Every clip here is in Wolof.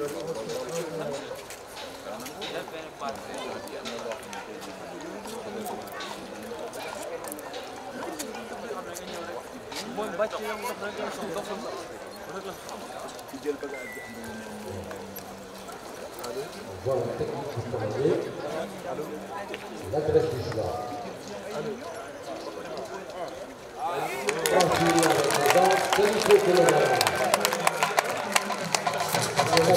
mooy bàcc yow ndox rek la soxla ndox rek la soxla. ci jël bagage bi am na ñu voilà technique bi travaillée l'adresse du soir. Franchir la présidence, Felipe Colombo.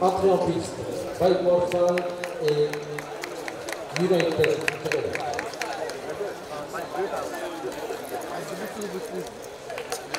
Atlantis, Bimorphal et United.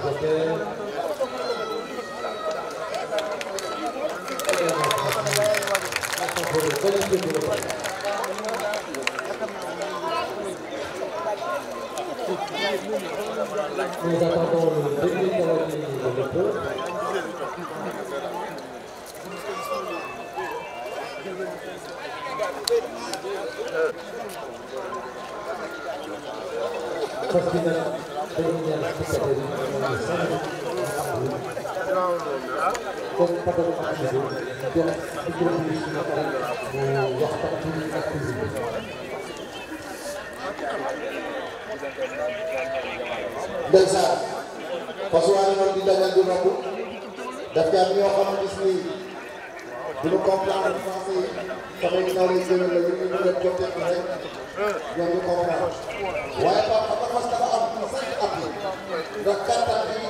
reporter. Nous attendons le début de la ligne de dépôt. Parce ndeysaan fasuwaane moom di dajal di noppi daf ci am ñoo xam gis ni duñu comprendre français yi samay ndaw lañ jëlee la ñu ñu leen jotee rek ñoom ñu comprendre waaye rakata hii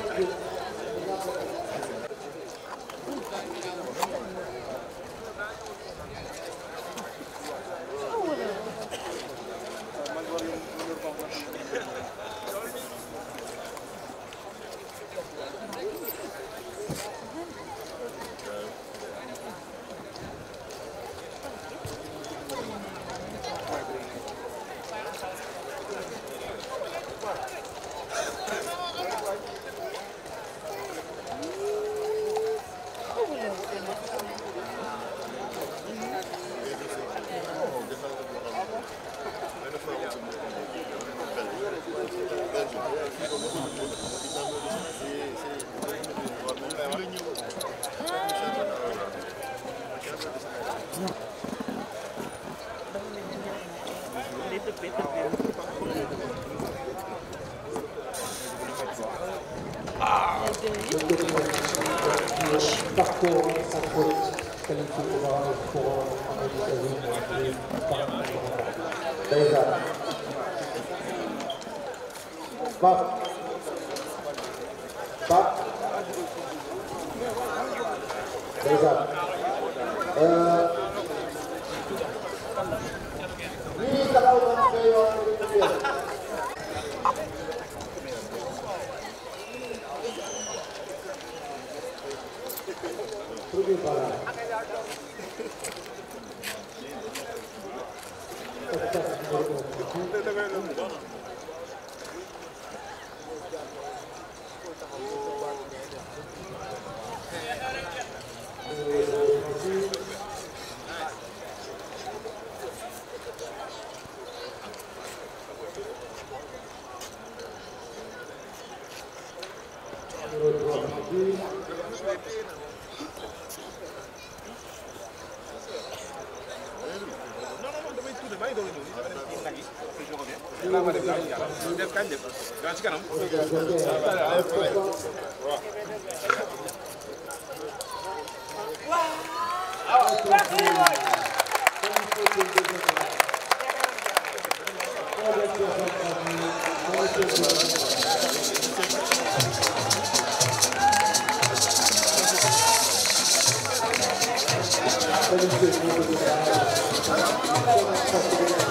ci kanam Thank you.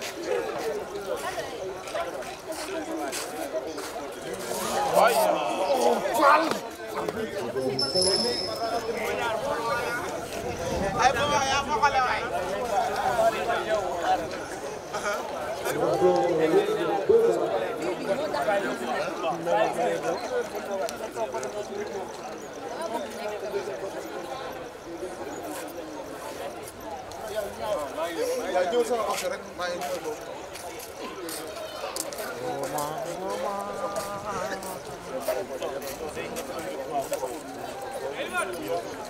maa ngi ñëw sama rek maa ngi ñëw Thank you.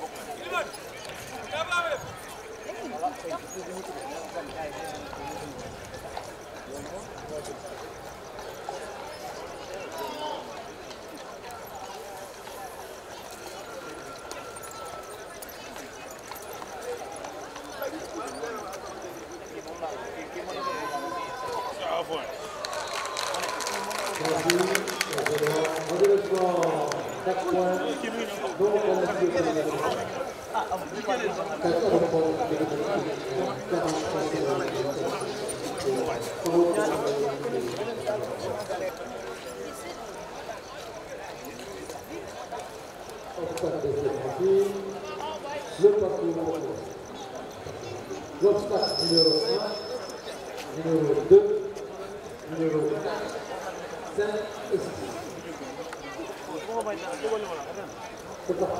L'obstacle numéro 1, numéro 2, numéro 4, 5 et 6. C'est parti.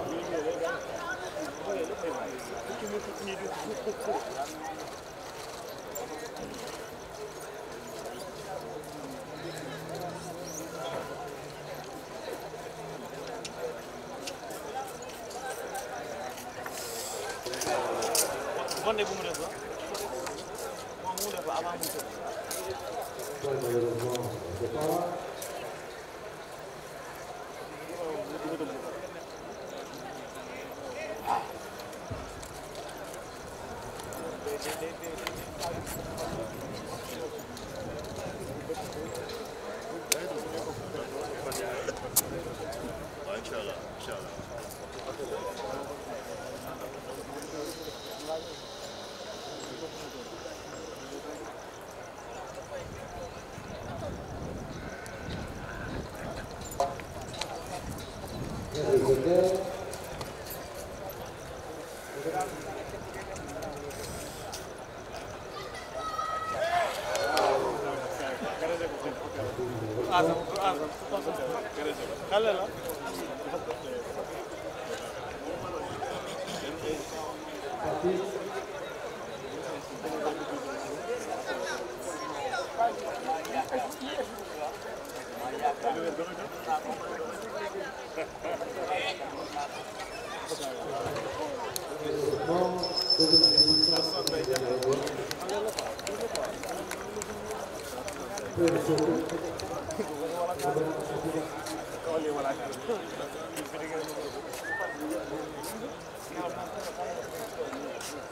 Konde bu mu def moom mu def avant mu tëb que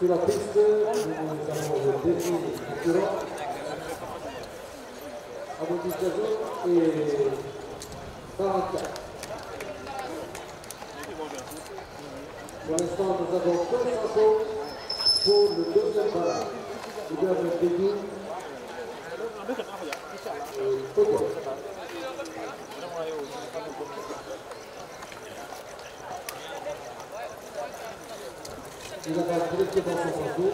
la piste, nous avons le défi du courant. À vos et 44. Pour l'instant, nous avons 200 pour le deuxième barrage. Nous avons le défi. Il a la dans son fardeau.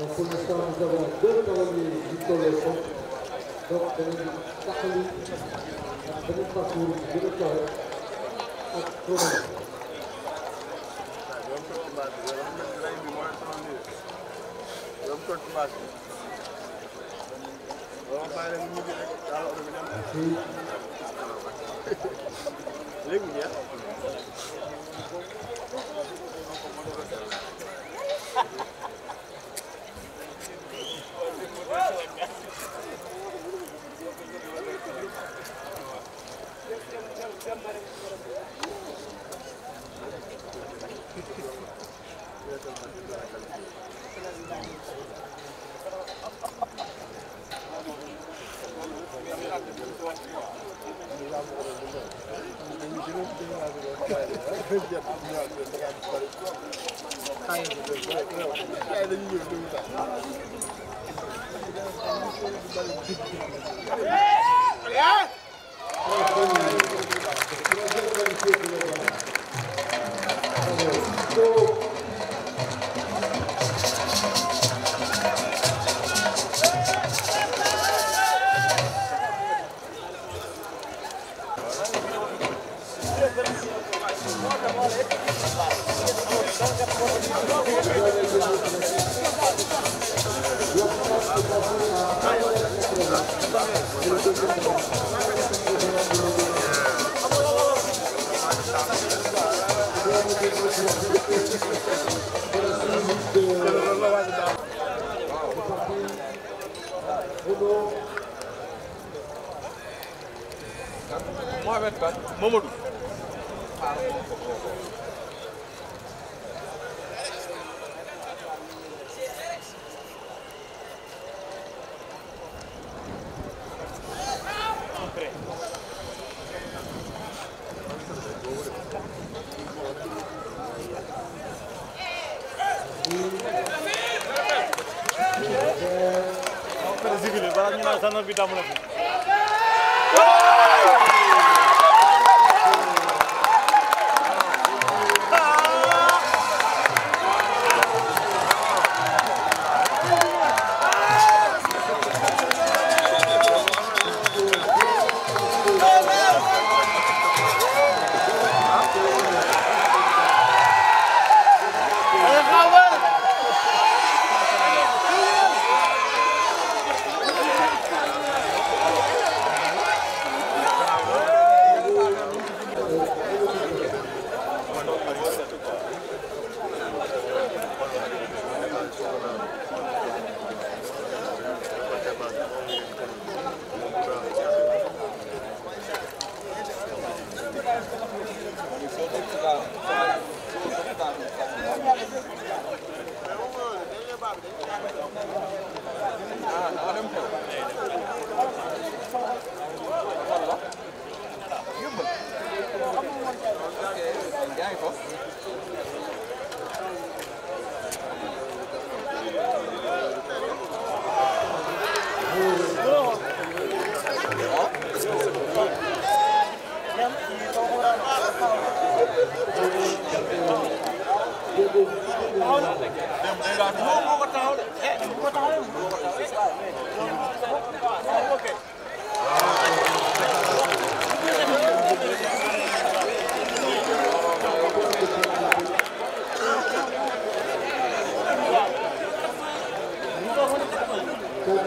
Donc pour l'instant, nous avons deux cavaliers victorieux. Donc, on a Sakali, Abdelou Fakour, Délokar, et Thomas. Merci. Yeah! Mohamed Ba Mamadou bi damm na ko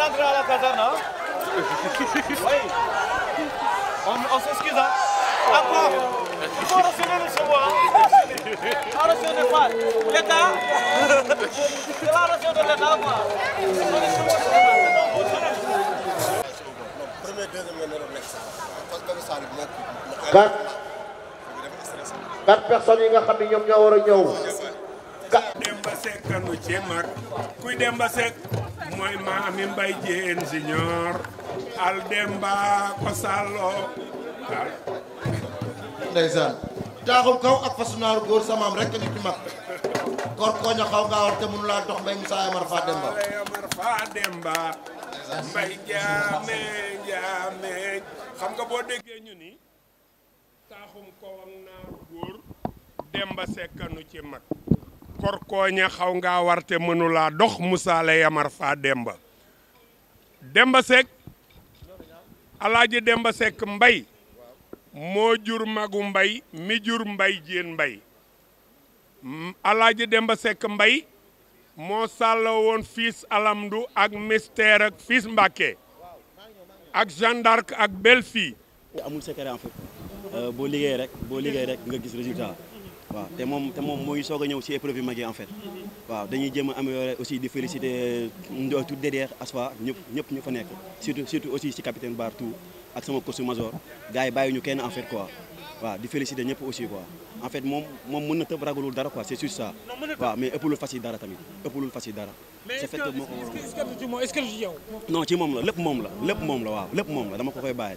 rentré à la caserne, hein Oui. On, on s'excuse, hein Encore Il faut recevoir le chevaux, hein En reçu de quoi L'État C'est la reçu de l'État, quoi Quatre, quatre personnes yi nga xam ne ñoom ñoo war a ñëw. Demba Seck kanu Cémar kuy Demba Seck mooy maami Mbay Jéen Siñoor al demba ko sàlloo ndeysaan taaxum kaw ak fasunaaru góor samaam rek ñu ci mag kor koña xaw nga war te mënu dox mbay Musaa Amar Fa Demba mbay jaameej jaameej xam nga boo déggee ñu ni taaxum kaw ak naaru góor demba sekkanu ci mag korkooñe xaw ngaa warte mënulaa dox Moussa la yamar faa Demba Demba Seck alaaji Demba sek Mbay moo jur magu Mbay mi jur Mbay Jéen Mbay alaaji Demba Seck Mbay moo sàlla woon fils Alamdu ak mystère ak fils Mbàkke ak Jeanne d'Arc ak belle euh, boo liggéey rek boo liggéey rek nga gis résultat waaw te moom te moom mooy soog a ñëw si épreuve yu mag yi en waaw dañuy jëm a améliorer aussi di féliciter tout derrière Asfa ñëpp ñëpp ñu fa nekk surtout surtout aussi si capitaine Bar tout ak sama coach major gars yi bàyyi ñu kenn en fait waaw di féliciter ñëpp aussi quoi en fait moom moom mën na tëb ragalul dara quoi c'est juste ça waaw mais ëppalul fas yi dara tamit ëppalul fas yi dara mais est-ce que est ci moom la lépp moom la lépp moom la waaw lépp moom la dama ko koy bàyyi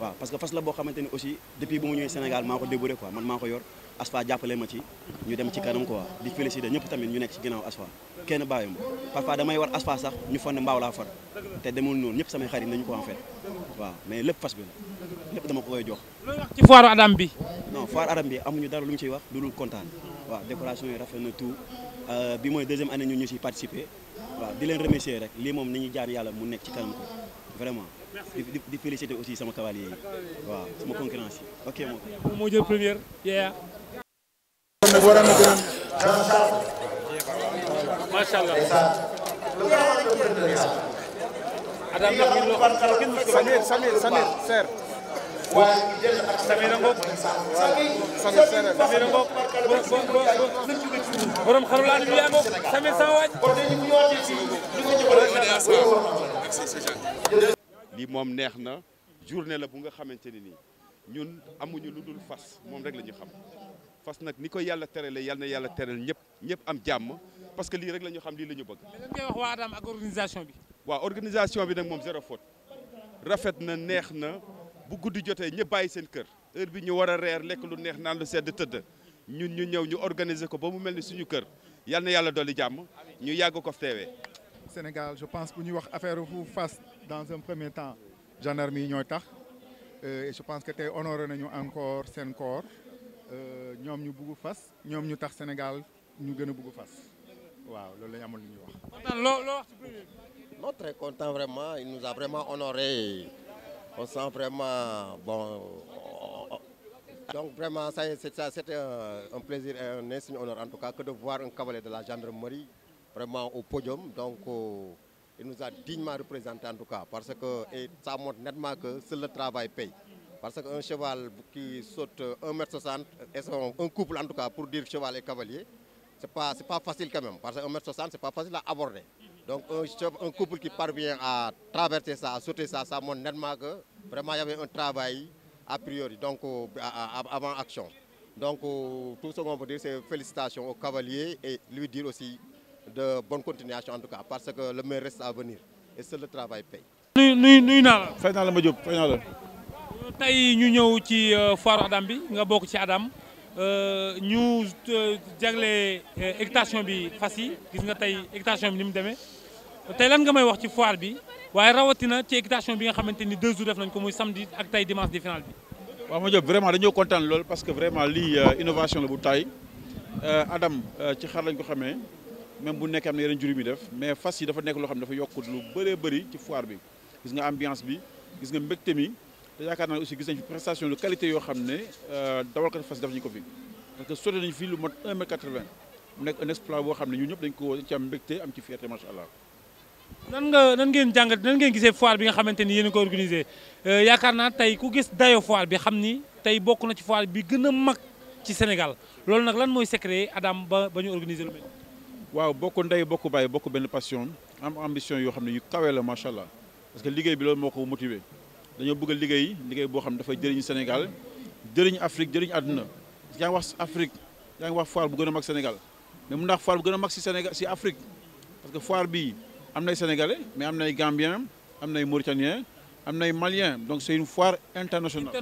waaw parce que fas la boo xamante ni aussi depuis bu ma ñëwee Sénégal maa ko débouré quoi man maa ko yor Asfa jàppale ma ci ñu dem ci kanam quoi di féliciter ñëpp tamit ñu nekk ci ginnaaw Asfa kenn bàyyi ma parfois damay war Asfa sax ñu fonne mbaaw laa far te demul noonu ñëpp samay xarit nañu ko en fait waaw mais lépp fas bi la lépp dama ko koy jox. looy wax ci foire Adam bi. non amuñu dara lu ñu wax lu dul kontaan waaw décoration yi rafet na tout euh, mooy deuxième année ñu ñu ciy participer waaw di leen remercier rek lii moom nañu jaar yàlla mu nekk ci kanam ko vraiment di di aussi sama cavalier yi waaw sama concurrence yi ok moom. moo jël première yeeya. nag war macha allah waaye lii moom neex na journée la bu nga xamante ni nii ñun amuñu lu dul fas moom rek la ñu xam fas nag ni ko yàlla terale yal na yàlla teral ñëpp ñëpp am jàmm parce que lii rek la ñu xam lii la ñu bëgg. lan wax waa Adam ak organisation bi. waaw organisation bi nag moom zéro faute rafet na neex na. bu guddi jotee ñëpp bàyyi seen kër heure bi ñu war a reer lekk lu neex naan lu sedd tëdd ñun ñu ñëw ñu organiser ko ba mu mel ni suñu kër yal na yàlla dolli jàmm ñu yàgg ko teewee. Sénégal je pense bu ñuy wax affaire fu fas dans un premier temps gendarme yi ñooy tax euh, et je pense que tey honoré nañu encore seen corps euh, ñoom ñu bugg fas ñoom ñu tax Sénégal ñu gën a bugg Fass waaw loolu la ñu amoon lu ñuy wax. non très content vraiment il nous a vraiment honoré. on sent vraiment bon. Oh, oh. Donc vraiment, ça, ça c'était un, un, plaisir en tout cas que de voir un cavalier de la gendarmerie vraiment au podium. Donc oh, il nous a dignement représenté en tout cas parce que et ça montre nettement que seul le travail paye. Parce qu'un cheval qui saute 1m60, et son, un couple en tout cas pour dire cheval et cavalier, c'est pas, pas facile quand même. Parce que 1m60, c'est pas facile à aborder. Donc un, chef, couple qui parvient à traverser ça, à sauter ça, ça montre nettement que vraiment il un travail a priori, donc euh, avant action. Donc euh, tout ce qu'on veut dire, c'est félicitations au cavalier et lui dire aussi de bonne continuation en tout cas, parce que le meilleur reste à venir. Et c'est le travail paye. nuy nuyu naa la. fay naa la ma Diop fay la. tey ñu ñëw ci euh, foire Adam bi nga bokk ci Adam. Euh, ñu euh, jagle hectation euh, bi fas yi gis nga tey hectation bi ni mu demee tey lan nga may wax ci foire bi waaye rawatina ci hectation bi nga xamante ni deux jours def nañ ko muy samedi ak tey dimanche di final bi. waaw ma jóg vraiment dañoo kontaan lool parce que vraiment lii innovation la bu taay Adam ci xar lañ ko xamee même bu nekkee am na yeneen jur mi def mais fas yi dafa nekk loo xam ne dafa yokk lu bëree bëri ci foire bi gis nga ambiance bi gis nga mbégte mi. te yaakaar naa aussi gis nañ fi prestation de qualité yoo xam ne euh, dawalkat fas def nañu ko fi parce que sori nañu fii lu mot nekk un boo xam ne ñun ñëpp dañ ko ci am mbégte am ci fierté macha allah. nan nga nan ngeen jàngat nan ngeen gisee foire bi nga xamante ni yéen a euh, yaakaar naa tey ku gis dayo foire bi xam ni tey bokk na ci foire bi gën a mag ci Sénégal loolu nag lan mooy secret Adam ba ba ñu organisé lu mel. bokk ndey bokk bàyyi bokk benn passion am ambition yoo xam ne yu la macha allah parce que liggéey bi loolu moo ko motivé. dañoo bëgg a liggéey liggéey boo xam ne dafay jëriñu Sénégal jëriñ Afrique jëriñ àdduna yaa ngi wax Afrique yaa ngi wax foire bu gën a mag Sénégal mais mun naa foire bu gën a mag si Sénégal si Afrique parce que foir bii am nay sénégalais mais am nay gambien am nay mauritanien am nay malien donc c'est une foire internationale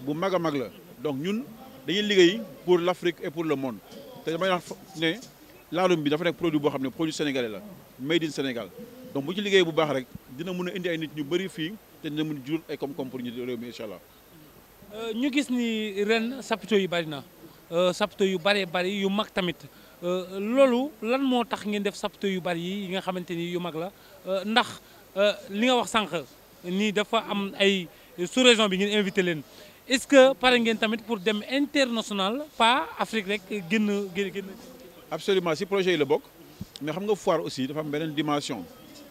bu mag a mag la donc ñun dañuy liggéey pour l'Afrique et pour le monde te damay wax ne laalum bi dafa nekk produit boo xam ne produit sénégalais la made in Sénégal donc bu ci liggéey bu baax rek dina mën a indi nit ñu bëri fii te dina mën jur ay koom-koom pour ñu réew mi incha allah. Euh, ñu gis ni ren chapiteaux yu bari na euh, chapiteaux yu baree bari yu mag tamit euh, loolu lan moo tax ngeen def chapiteaux yu bari yi nga xamante ni yu mag la ndax li nga wax sànq nii dafa am ay sous région bi ngeen invité leen. est-ce que pare ngeen tamit pour dem international pas Afrique rek génn génn génn. absolument si projet yi la bokk mais xam nga foire aussi dafa am beneen dimension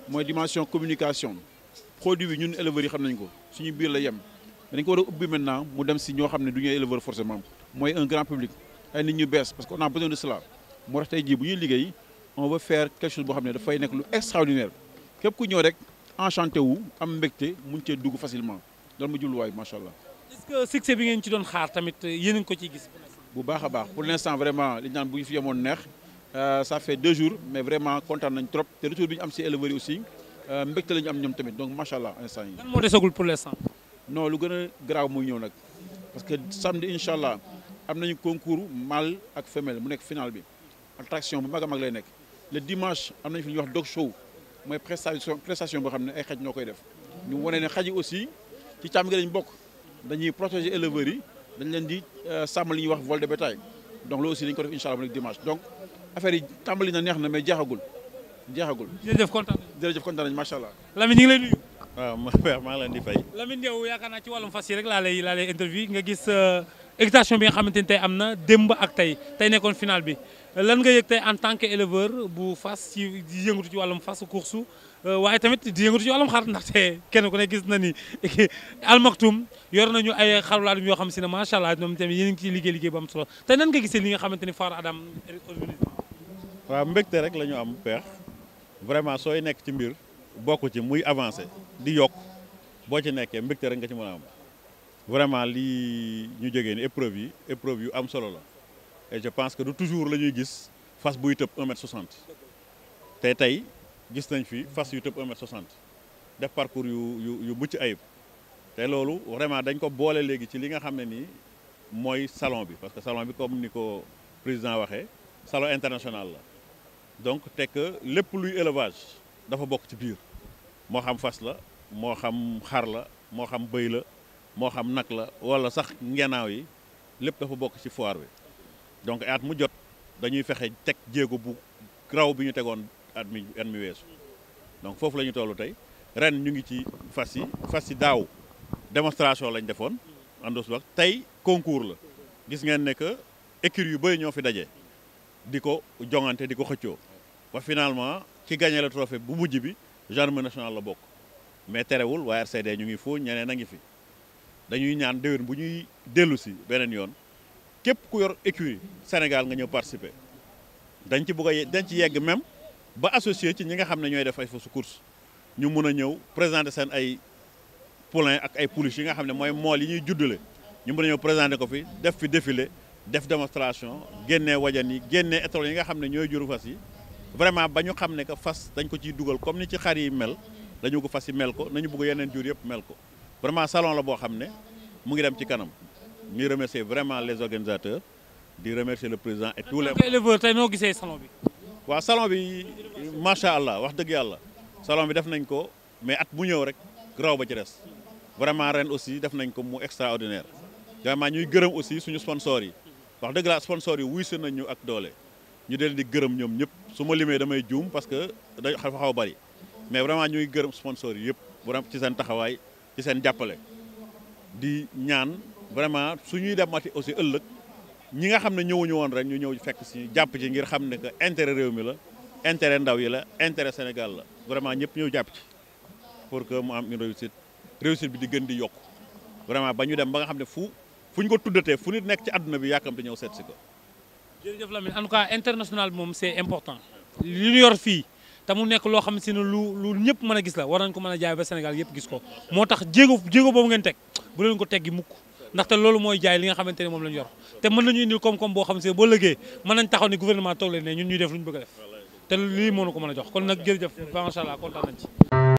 mooy dimension communication. produit bi ñun éleveurs yi xam nañ ko suñu biir la yem dañ ko war a ubbi maintenant mu dem si ñoo xam ne du ñuy éleveur forcément mooy un grand public ay nit ñu bees parce que on a besoin de bu ñuy liggéey on veut boo xam ne dafay nekk lu extraordinaire képp ku ñëw rek enchanté wu am mbégte mun cee dugg facilement dal ma jubluwaay macha allah. est-ce que bi ngeen ci doon xaar tamit euh, yéen a ngi ko ciy gis. bu baax a baax pour l'instant vraiment li ñu naan bu ñu fi yemoon neex euh, ça fait deux jours mais vraiment kontaan nañ trop te retour bi am si éleveurs yi aussi. Euh, mbégte la ñu am ñoom tamit donc macha allah instant yi moo desagul pour l'instant no lu gën a garaaw muy ñëw nag parce que samedi incha allah am nañu concours mal ak femelle mu nekk final bi attraction bu mag a mag lay nekk le dimanche am nañu fi ñuy wax dog show mooy prestation prestation boo xam ne ay xaj ñoo koy def ñu wane ne xaj yi aussi ci càmm gi lañ bokk dañuy protéger éleveurs yi dañ leen di euh, sàmm li ñuy wax vol de donc loolu aussi dañ ko def incha allah mu nekk yi tàmbali na neex na mais jeexagul jeexagul. jërëjëf kontaan nañu jërëjëf kontaan nañu macha allah. Lamine ñu ngi lay nuyu. waaw ah, ma maa ngi leen di fay. Lamine yow yaakaar naa ci wàllum fas yi rek laa lay interview nga gis euh, excitation bi nga xamante ni tey am na démb ak tey tey nekkoon final bi lan nga yëg tey en tant que éleveur bu fas ci di yëngatu ci wàllum fas course euh, waaye tamit di yëngatu ci wàllum xar ndaxte kenn ku ne gis na ni almaktum yor ñu ay xarulaadum yoo xam si ne macha allah ñoom tamit yéen a ngi ciy liggéey liggéey ba am solo tey nan nga gisee li nga xamante ni Far rek la ñu am peex vraiment sooy nekk ci mbir bokk ci muy avancé di yokk boo ci nekkee mbégte rek nga ci mën a am vraiment lii ñu jógee ni épreuve yi épreuve yu am solo la et je pense que du toujours la ñuy gis fas buy tëb 1 mètre 60 te tey gis nañ fi fas yu tëb 1 mètre 60 def parcours yu yu yu mucc ayib te loolu vraiment dañ ko boole léegi ci li nga xam ne nii mooy salon bi parce que salon bi comme ni ko président waxee salon international la donc te que lépp luy élevage dafa bokk ci biir moo xam fas la moo xam xar la moo xam bëy la moo xam nag la wala sax ngenaaw yi lépp dafa bokk ci foire bi donc at mu jot dañuy fexe teg jéego bu raw bi ñu tegoon at mi weesu donc foofu la ñu toll tey ren ñu ngi ci fas yi fas yi daaw démonstration lañ defoon andos wax tey concours la gis ngeen ne que écurie yu bëri ñoo fi dajee di ko jongante di ko xëccoo ba finalement ci gagné le trophée bu mujj bi gendarmerie nationale la bokk mais terewul waa RCD ñu ngi foo ñeneen a ngi fi dañuy ñaan déwén bu ñuy dellu si beneen yoon képp ku yor écurie Sénégal nga ñëw participer dañ ci bëgg a dañ ci yegg même ba associé ci ñi nga xam ne ñooy def ay fausse course ñu mun a ñëw présenter seen ay poulain ak ay pouliches yi nga xam ne mooy mool yi ñuy juddale ñu mën a ñëw présenter ko fi def fi défilé def démonstration génne wajan yi génne étoiles yi nga xam ne ñooy juru fas yi vraiment ba ñu xam ne que fas dañ ko ciy dugal comme ni ci xar yi mel dañu ko fas yi mel ko nañu bëgg yeneen jur yëpp mel ko vraiment salon la boo xam ne mu ngi dem ci kanam ñuy remercier vraiment les organisateurs di remercier le président et tous les éleveurs tey noo gisee salon bi. waaw salon bi macha allah wax dëgg yàlla salon bi def nañ ko mais at bu ñëw rek raw ba ci des vraiment ren aussi def nañ ko mu extraordinaire vraiment ñuy gërëm aussi suñu sponsors yi. wax dëgg laa sponsor yi wuy si nañ ñu ak doole ñu del di gërëm ñoom ñëpp su ma limee damay juum parce que dañ xaw xaw bari mais vraiment ñuy gërëm sponsor yi yëpp ci seen taxawaay ci seen jàppale di ñaan vraiment suñuy demati aussi ëllëg ñi nga xam ne ñëwuñu woon rek ñu ñëw fekk si jàpp ci ngir xam ne que intérêt réew mi la intérêt ndaw yi la intere Sénégal la vraiment ñëpp ñëw jàpp ci pour que mu am une réussite réussite bi di gën di yokk vraiment ba ñu dem ba nga xam ne fu fu ñu ko tuddatee fu nit nekk ci àdduna bi yàkkamte ñëw seet si ko. jërëjëf Lamine bi moom c'est important. li ñu yor fii te mu nekk loo xam si ne lu lu ñëpp mën a gis la war nañ ko mën a jaay ba Sénégal yëpp gis ko moo tax jéego jéego boobu ngeen teg bu leen ko teggi mukk ndaxte loolu mooy jaay li nga xamante ne moom lañ yor te mën nañu indil koom-koom boo xam si boo lëggee mën nañ taxaw ni gouvernement toog leen ne def lu ñu bëgg a def te lii moo ko a jox kon nag jërëjëf macha allah